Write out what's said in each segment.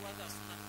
Bless us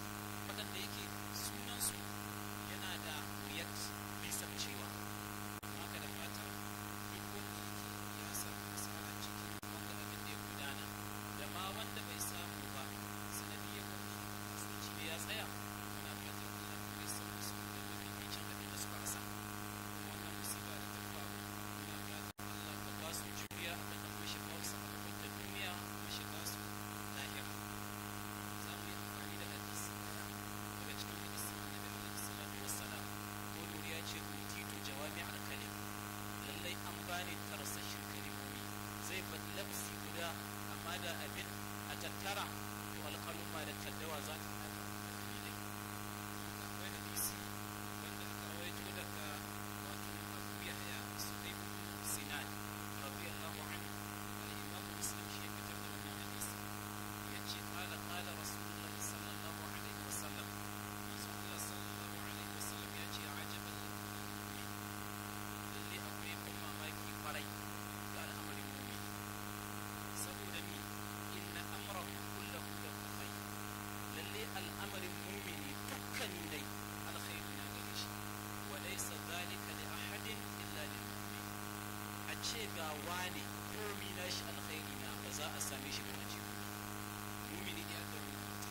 আপনারা a same shi da ajiyu mumini ne a ɗarin mutu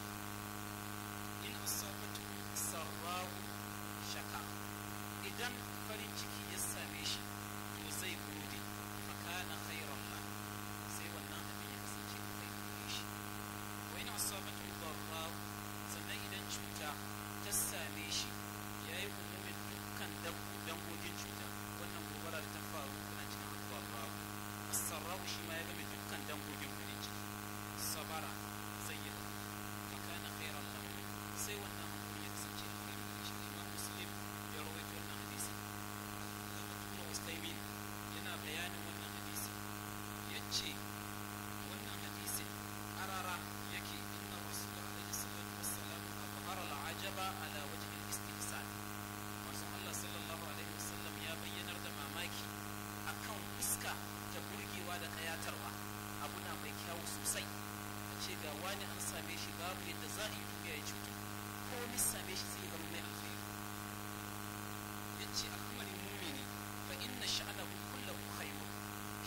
in asabatu sarrahu shaka idan farin ciki ya same shi to zai gode fakana khairan ma sai wannan abin ya kasance da kai gare shi wa in asabatu darrahu sannan idan cuta ta same shi ya yi umumin dukkan dangogin cuta wannan gobara da ta faru kuna cikin abubuwa babu sarrahu shi ma ya game dukkan dangogin Savara.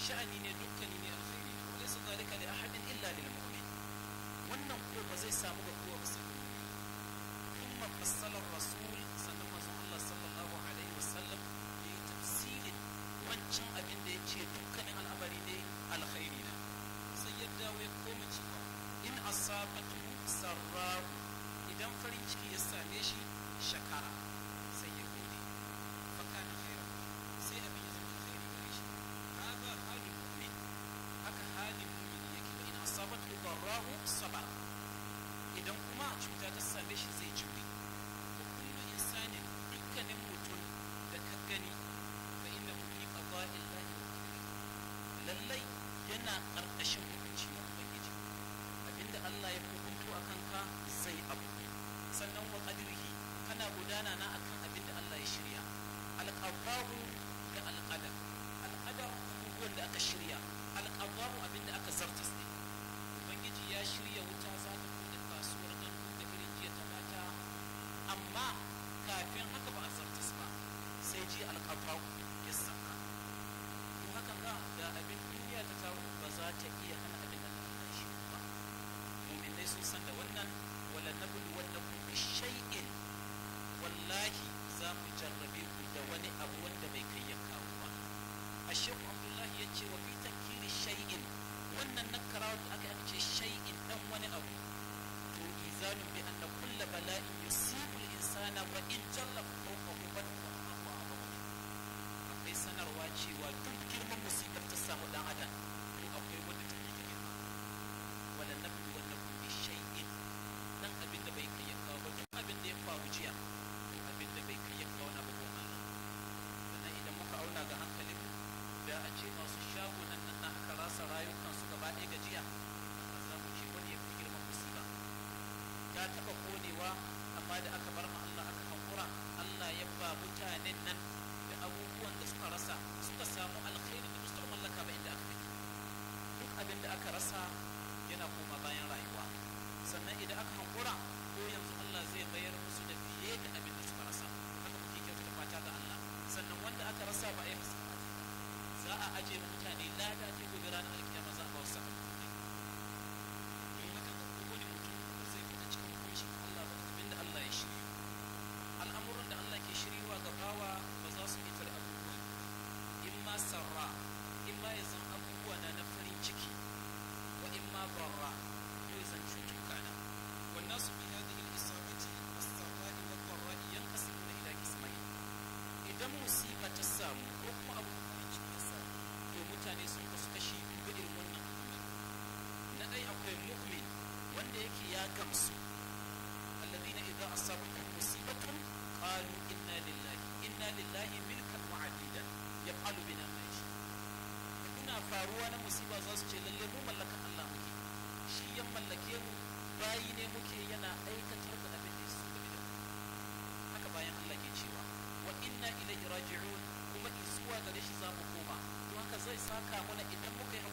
sha'ani ne dukkanin ne alkhairi laysa zalika li ahadin illa lil mu'min wannan ko ba zai samu ga kowa ba sai kuma fassalar rasul sannan manzon Allah sallallahu alaihi wasallam ya yi tafsirin wancan abin da yake dukkan barrahu sabara idan kuma cuta ta same shi zai jure wa kullu insanin dukkanin mutum da ka gani fa inna fi qada'i llahi lallai yana ƙarƙashin hukunci na ubangiji abinda Allah ya hukunto a kanka zai abu sannan wa qadrihi kana gudana na akan abinda Allah ya shirya alqadahu da alqadar alqadar abubuwan da aka shirya alqadahu abinda aka zartas ya shirya aka konewa amma da aka bar ma Allah aka hankura Allah ya ba mutanen nan da abubuwan da suka rasa suka samu alkhairi da suka mallaka ba inda aka duk abin da aka rasa yana koma bayan rayuwa sannan idan aka hankura ko yanzu Allah zai bayar musu da fiye da abin ya gamsu alladhina idza asabatuhum musibatun qalu inna lillahi inna lillahi milkan mu'addida yaf'alu bina ma kuna faruwa na musiba za su ce lalle mu mallaka Allah muke shi ya mallake mu bayi ne muke yana aikatar da abin da su da bidan haka bayan Allah ke cewa wa inna ilayhi raji'un kuma zuwa gare shi za mu koma don haka zai saka mana idan muka yi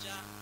job.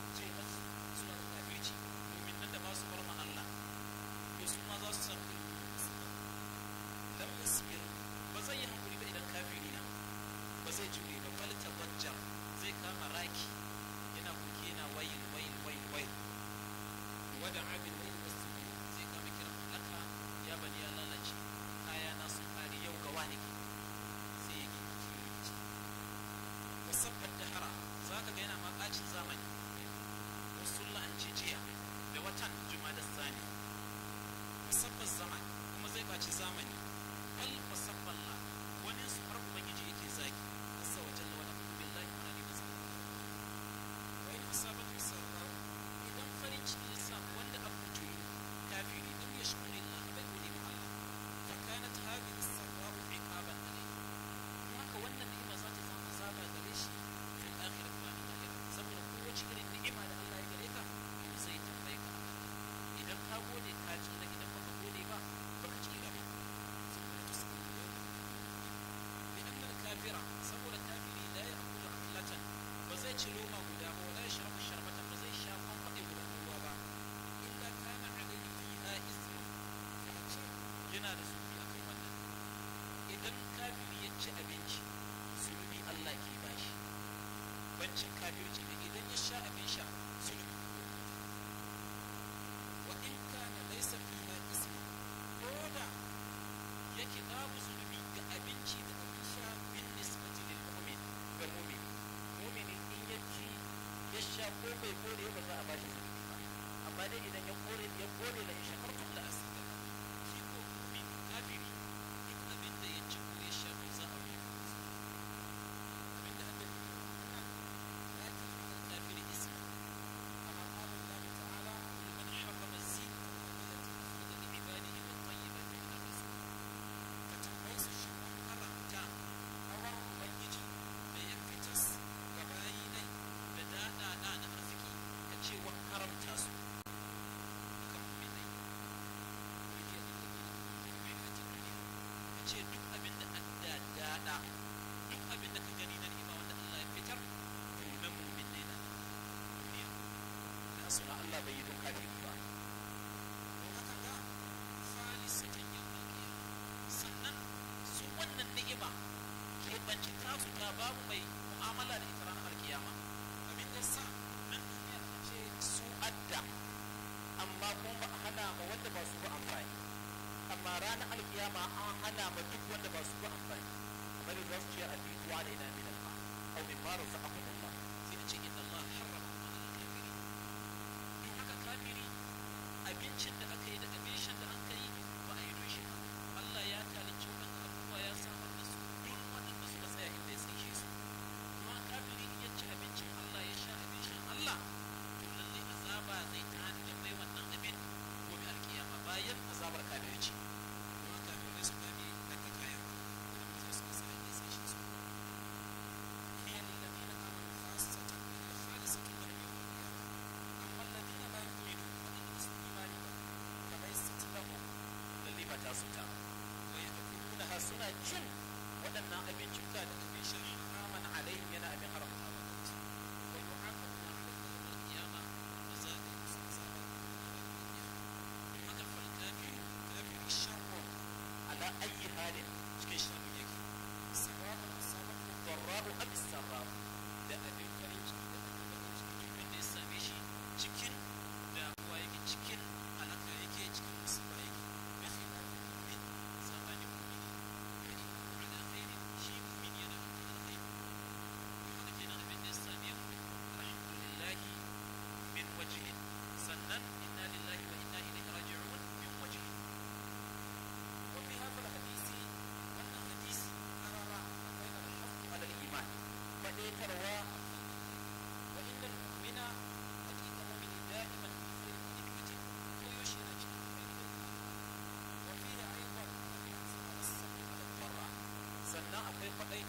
shi abinci Allah ke bashi bancin kafirci da idan ya sha abin sha sulmi wa in kana laysa fi ma ismi koda yake babu sulmi ga abinci da abin sha bin nisbati lil mu'min ga mu'min mu'min in ya ya sha ko bai kore ba za a bashi sulmi amma dai idan ya kore ya kore da sha Allah bai yi doka da ba sannan su wannan ni'ima Keɓance ta tasu ta babu mai mu'amala da ita ranar kiyama abin da sa nan duniya ta ce su adda amma kuma ba a hana ma wanda ba su ba amfani amma ranar alkiyama an hana ma duk wanda ba su ba amfani kamar da za su ce a biyu wa alaina min al-ma au min ma razaqakum Allah sai a ce inna mentioned azumta to yadda suna cin waɗannan abincin da take shiri naman alaihim yana abin haramta ba wa yu'aqabuna ala yawmil qiyamah wa zaka yusaba haka fal kafir kafir sharru ala ayi halin cikin sharri yake sababu sababu darra'u abis sarra'u da abin later.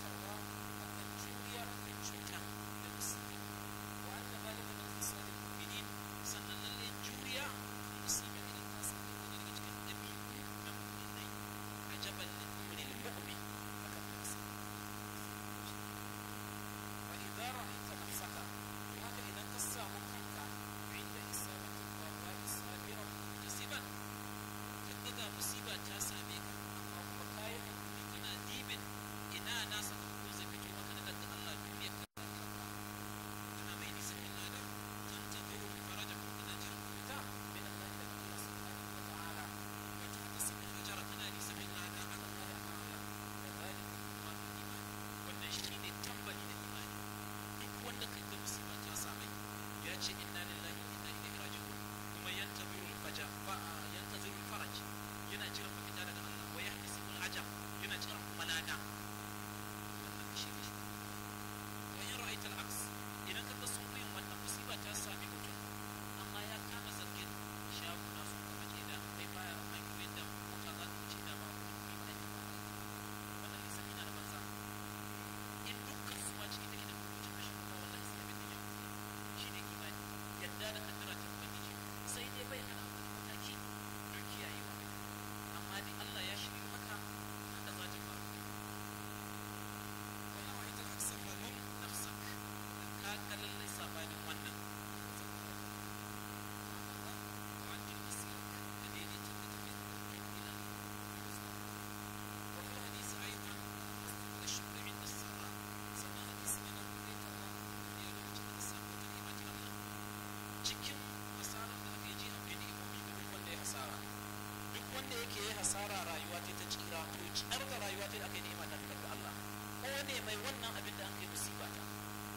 wanda yake yi hasara rayuwa ta tsira to ciyar da rayuwa ta aka yi ni'ima ta daga Allah ko ne mai wannan abin da an kai musiba ta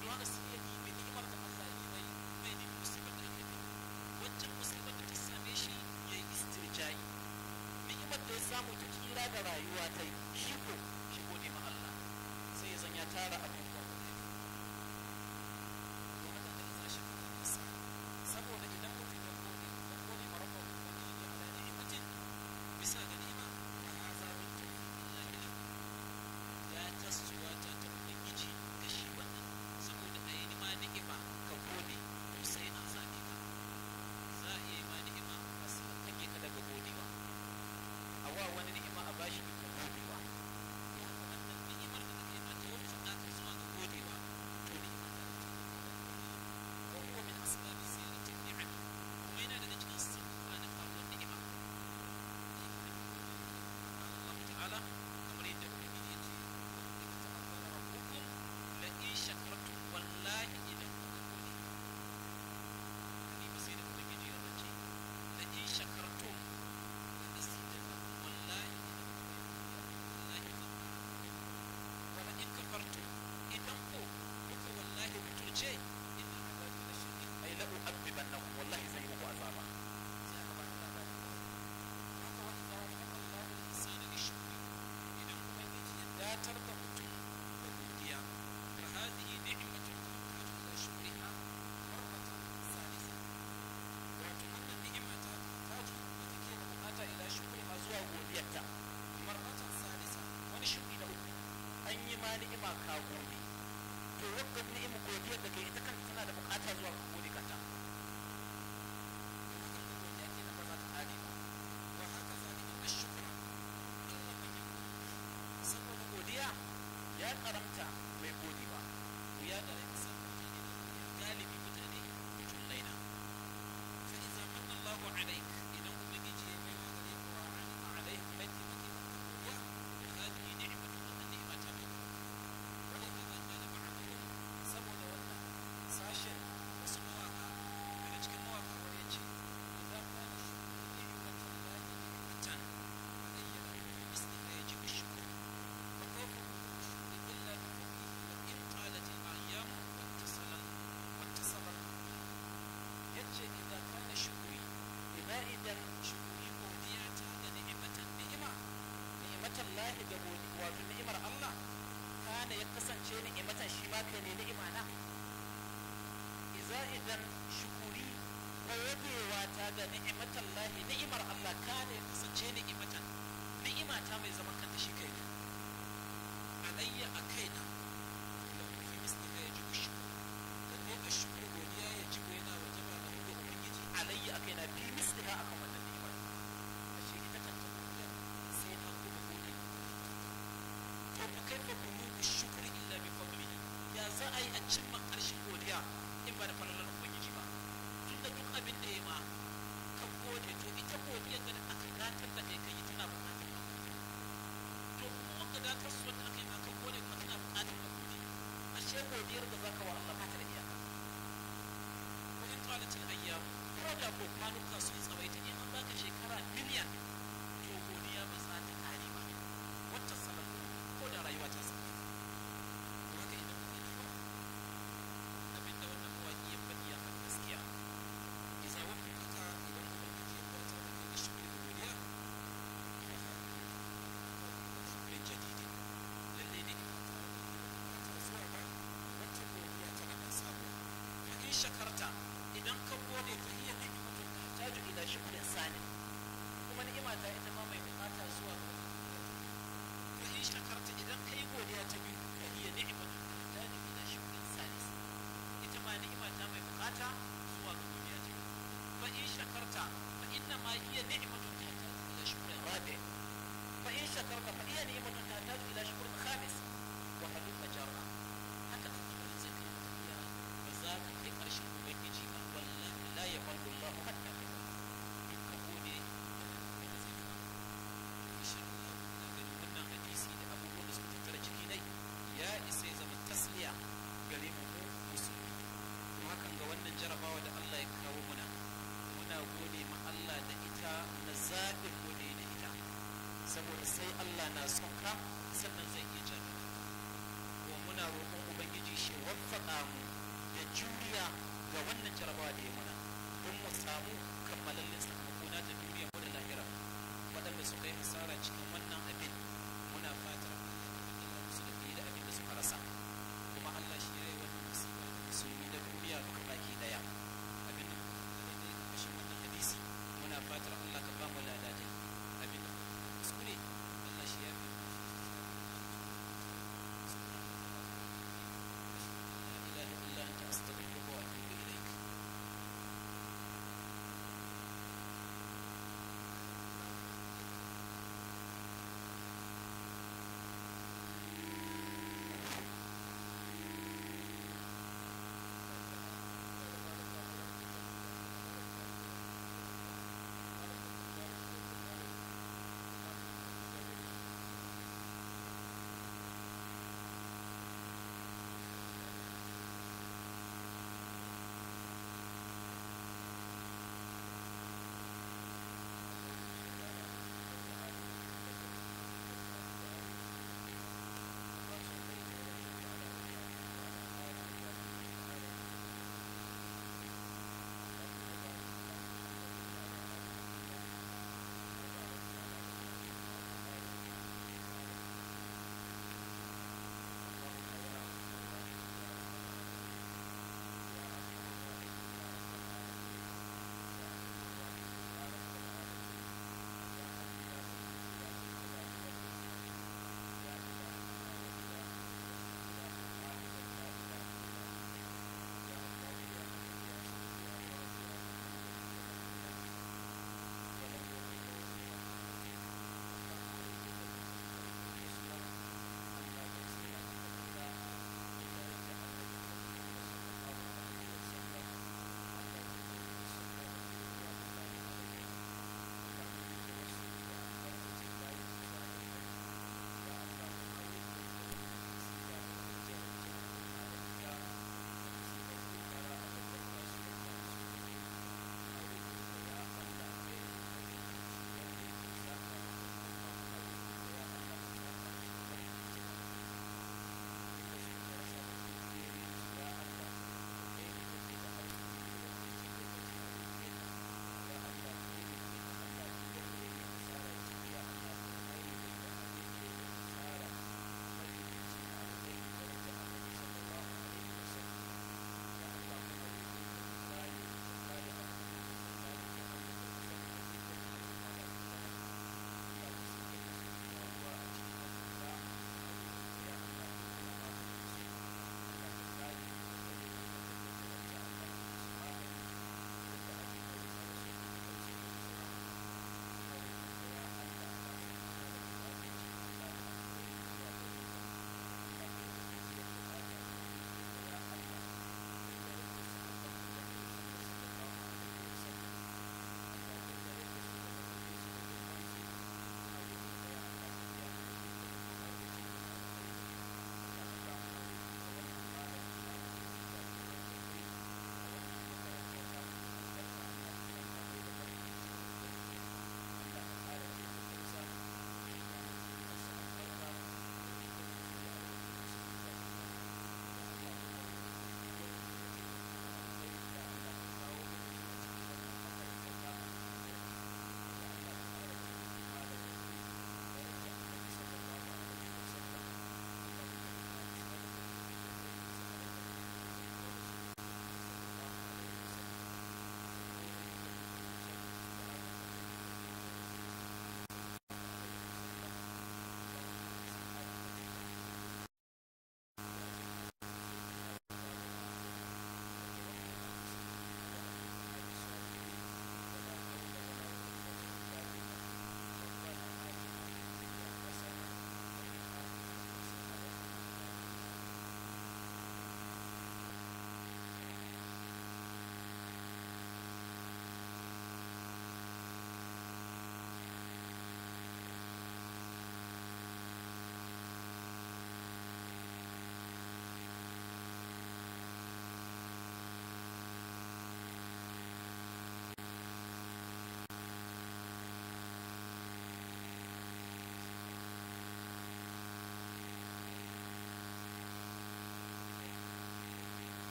don haka sai ya bi ni'imar da Allah ya mai mai ne musibar da yake wancan musibar ta same shi ya yi istirja'i ni'imar da ya samu ta tsira da rayuwa ta yi ma ni'ima ka gode to wakka ni'ima godiya da kai ita kanta tana da bukata zuwa ka gode kanta saboda godiya ya karamta mai gode ba ya karamta kasance ni'imatan shi ma kai ne ni'imana iza idan shukuri gogewa ta da ni'imatan lahi ni'imar Allah ka ne kasance ni'imatan ni'ima ta mai zaman kanta shi kai ne alayya a kaina alayya a kaina fi misliha akan wannan ni'imar ashe ita kanta sai ta kuma gode to fa kaifa ai a cimma ƙarshen godiya in ba da falalar ubangiji ba tun da duk abin da ya ma ka gode to ita godiyar da aka gatar da kai kai tana buƙatar ka to kuma ka gatar su wanda aka yi ka gode kuma tana buƙatar ka gode ashe godiyar da za ka wa Allah ba ta da iyaka. Kudin cin ayyamu ko da ko kwanuka su